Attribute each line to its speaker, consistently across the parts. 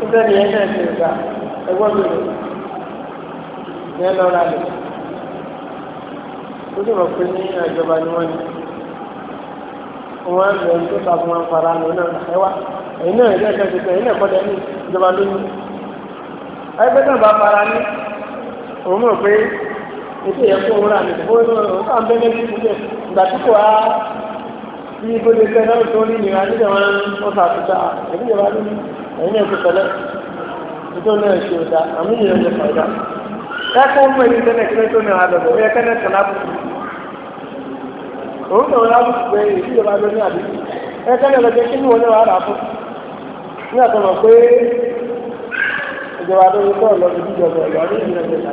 Speaker 1: Ìgbẹ́ni ẹ̀ṣẹ̀ ìṣẹ̀dá ẹgbọ́n mi rẹ̀
Speaker 2: ní ẹlọ́ra lè ó sì rọ̀ pé ní ìjọba ni wọ́n ní wọ́n lọ tó ta fún wọn fara lọ náà ẹ wá ẹ̀yin náà ẹ̀yin náà kẹ́kẹ́ ẹ̀yin náà kọ́ dẹ́ni ìjọba ló ní ẹgbẹ́ náà bá fara ní òun mọ̀ pé ètò yẹ kó òun rà ní ìfowó náà ó sàn bẹ́ẹ̀ ní ìfúnjẹ ìgbà tí kò á bí ibodè fẹ́ náà tó ní ìnira nígbà wọn ó sàtúta ẹ̀yin ìjọba ló ní ẹ̀yin náà kò náà ṣe ọ̀dà àmì ìyẹn ló fà ọ̀dà ẹ̀kọ́ mọ̀ ẹ̀yin tẹ́lẹ̀ kí òun náà wọn lábùkù pé èyí ìjọba lọ ní àdúgbò ẹ kẹ́lẹ́ lọ jẹ́ kí ni wọn náà wà rà fún ní àtọ̀nà pé ìjọba lórí tó lọ sí ìjọba ìjọba ní ìjọba ìjọba ìjọba ìjọba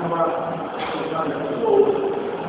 Speaker 1: àwọn ọmọ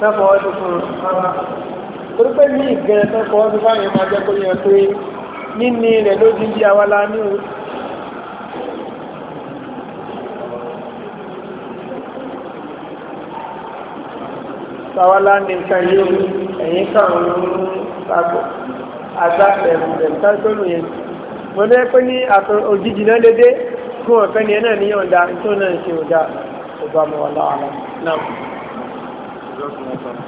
Speaker 2: tẹ́kọ̀ ọdún fún ara torí pé ní ìgbẹ́ tẹ́kọ̀ ọdún báyìí máa jẹ́ kó yẹ pé níní rẹ̀ ló di bí awala ní o awala ní nǹkan yìí o ẹ̀yìn kan ń sàgbọ̀
Speaker 1: àgbà ẹ̀rù
Speaker 2: ẹ̀rù yẹn mo ní pé ní òjijì náà lédè fún ọ̀fẹ́ ni ẹ náà níyàn dá tó náà ṣe ò ọba mọ̀ wà láwàlá
Speaker 1: just one time.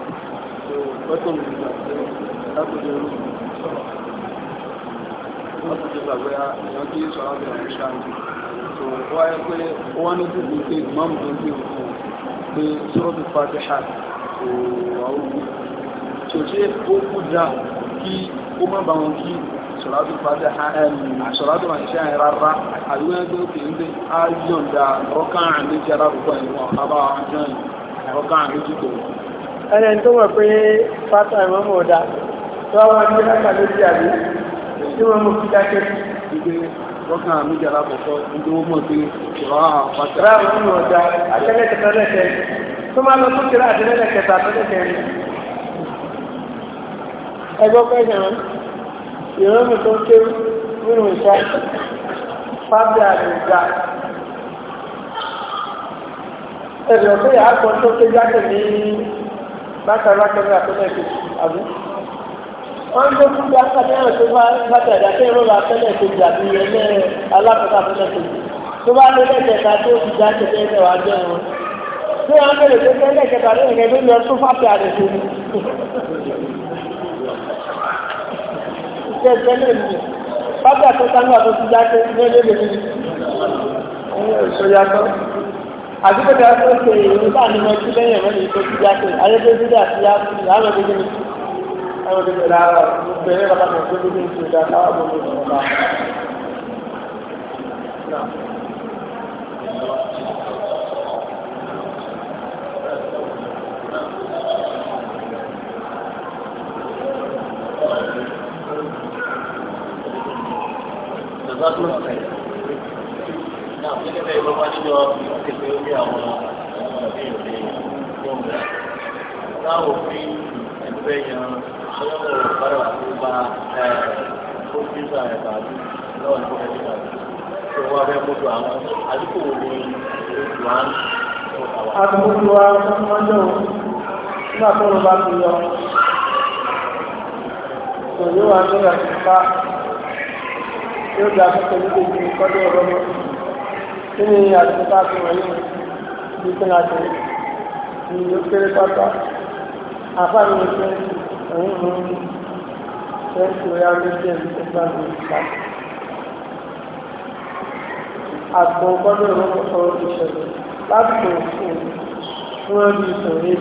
Speaker 1: So, welcome to the That's what you're looking for. That's what you're looking for. You're looking for having a chance. So, why are we
Speaker 2: one of the things we say, Mom, don't you know? The sort of party hat. So, how we So, ṣe ó kú dá kí ó má bá wọn kí sọ̀rọ̀dún pàdé sọ̀rọ̀dún àṣẹ àyẹ̀ rárá àdúgbò ẹgbẹ́ òkè ń bẹ á yọ̀ǹda rọ́kàn àmì jẹ́ arábùkọ́ ẹ̀wọ̀n àbá àjọyìn ọkàn àmójútó. ẹni tó mọ̀ pé pátá ìmọ̀mọ̀ ọ̀dà tó wá wọn gbé láta lórí àbí tí wọ́n mú kí dákẹ́ ìgbé ọkàn àmójútó alákọ̀ọ́kọ́ nítorí wọ́n mọ̀ pé ìrọ̀ àwọn pátá. ìrọ̀ àwọn ọmọ ọ̀dà àtẹ́lẹ̀kẹ̀tẹ̀lẹ̀kẹ̀ tó máa lọ sókè àtẹ́lẹ̀kẹ̀tẹ̀ àtẹ́lẹ̀kẹ̀ ẹgbọ́ pẹ́jọ ìrọ̀mù tó kéwú nínú ìṣá fábíà lè gbà ẹ̀rì ọ̀pẹ́ yà á kọ́ tó ké jáde ní bákàbákà ní àtúnṣe kejì àbí. wọ́n ń gbé fún bí akadé náà tó bá bàtà ìdáké ìrọ̀lá àtúnṣe kejì àbí ẹ̀lẹ́ alákọ̀ọ́kọ́ àtúnṣe kejì tó bá lé lẹ́kẹ̀ẹ́ta tó fi jáde ní ẹ̀rọ ajé wọn. tí wọ́n bẹ̀rẹ̀ pé pé lẹ́kẹ̀ẹ́ta ló ń gẹ́gẹ́ lọ tó fàtẹ́ àrẹ tó
Speaker 1: ní. iṣẹ́ ìṣẹ́ lè nìyẹn
Speaker 2: bàtà tó sánú àtúnṣe jáde ní ẹ̀lẹ́ àdúgbòdà tó ṣe èyí bá ní mọ́tí lẹ́yìn ẹ̀mọ́ ní ìtọ́jú jáde ayébẹ́jú dà sí
Speaker 1: ápù láwọn ẹgbẹ́ ní
Speaker 2: àwọn ẹgbẹ́ lára bẹ̀rẹ̀ bàbá mi tó gbé ní ìṣẹ̀dá káwọn ọmọ mi ọ̀la.
Speaker 1: Thank you láwọn òfin ẹgbẹ́ yan ọlọ́pàá òpárá tó bá ó fi ń sàrẹ̀ tàbí lọ́wọ́ ní ọjọ́ ìgbà tó wá fẹ́ mọ́tò àwọn àdúgbò wo ni oṣù à ń sọ àwọn.
Speaker 2: àdúgbò wa máa ń dọ̀wọ́ nígbà tó ló bá ti yọ kò yóò wá ní ìrìnàjò ká yóò dá pípẹ́ nígbà tí kọ́dọ̀ ọlọ́mọ kí ni àtúntà fi wọ̀nyí bí kí ni àti ní ló kéré pátá àfáàní ní pé òun mú twenty royal legion tó bá mi ta àpò gbọ́dọ̀ ìrọ́pọ̀ ọ̀rọ̀
Speaker 1: ìṣẹ̀lẹ̀ láti kò fún
Speaker 2: fún ọdún ìtàn yìí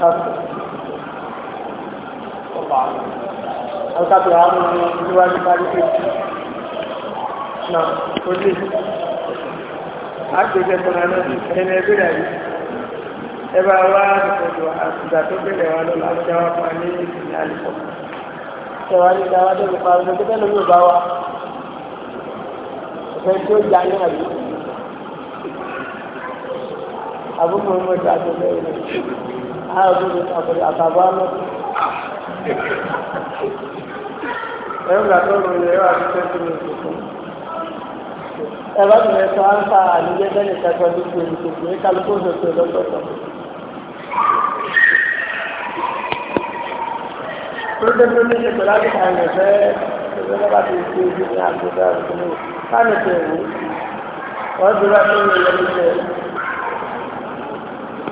Speaker 2: tó ọ̀tàtù àwọn ìwádìí paríkè náà ó lè àgbèjẹ tó náà ẹni ẹgbẹ́ rẹ̀ yìí ẹbá wá àtìkọ̀jọ àtìgbà tó bẹ̀rẹ̀ wá lọ́la ó dáwà pa ní ìpínlẹ̀ àlùkò ṣẹ̀wá ní ìdáwà tó lè parí lọ́jọ́ bẹ́ẹ̀ lórí ọba wa ọ̀fẹ́ tí ó jà ní àlù àbúkù ọmọ ìdájọ́ bẹ́ẹ̀ rẹ̀ àbúrò àbúrò àtàbọ̀
Speaker 1: àmọ́tò ẹ̀rùgbà tó rò yẹ wà ní
Speaker 2: twenty minutes fún ẹ̀rọ ìrìn ẹ̀sọ́ ánsá àlùyẹ bẹ́ẹ̀ nìkan tó ní kú èyí kòkòrò ní kálukú òṣèṣe lọ́tọ̀ọ̀tọ̀.
Speaker 1: Pírọ́dẹ́pẹ́ ní ṣe pẹ̀lú àti kàn lè fẹ́ ẹgbẹ́ lọ́ba ti ṣe ibi ní àgbẹ̀dẹ́ àgbẹ̀dẹ́ káàmì tẹ̀wé wọ́n ti rà tó yẹ lẹ́nu tẹ̀wé.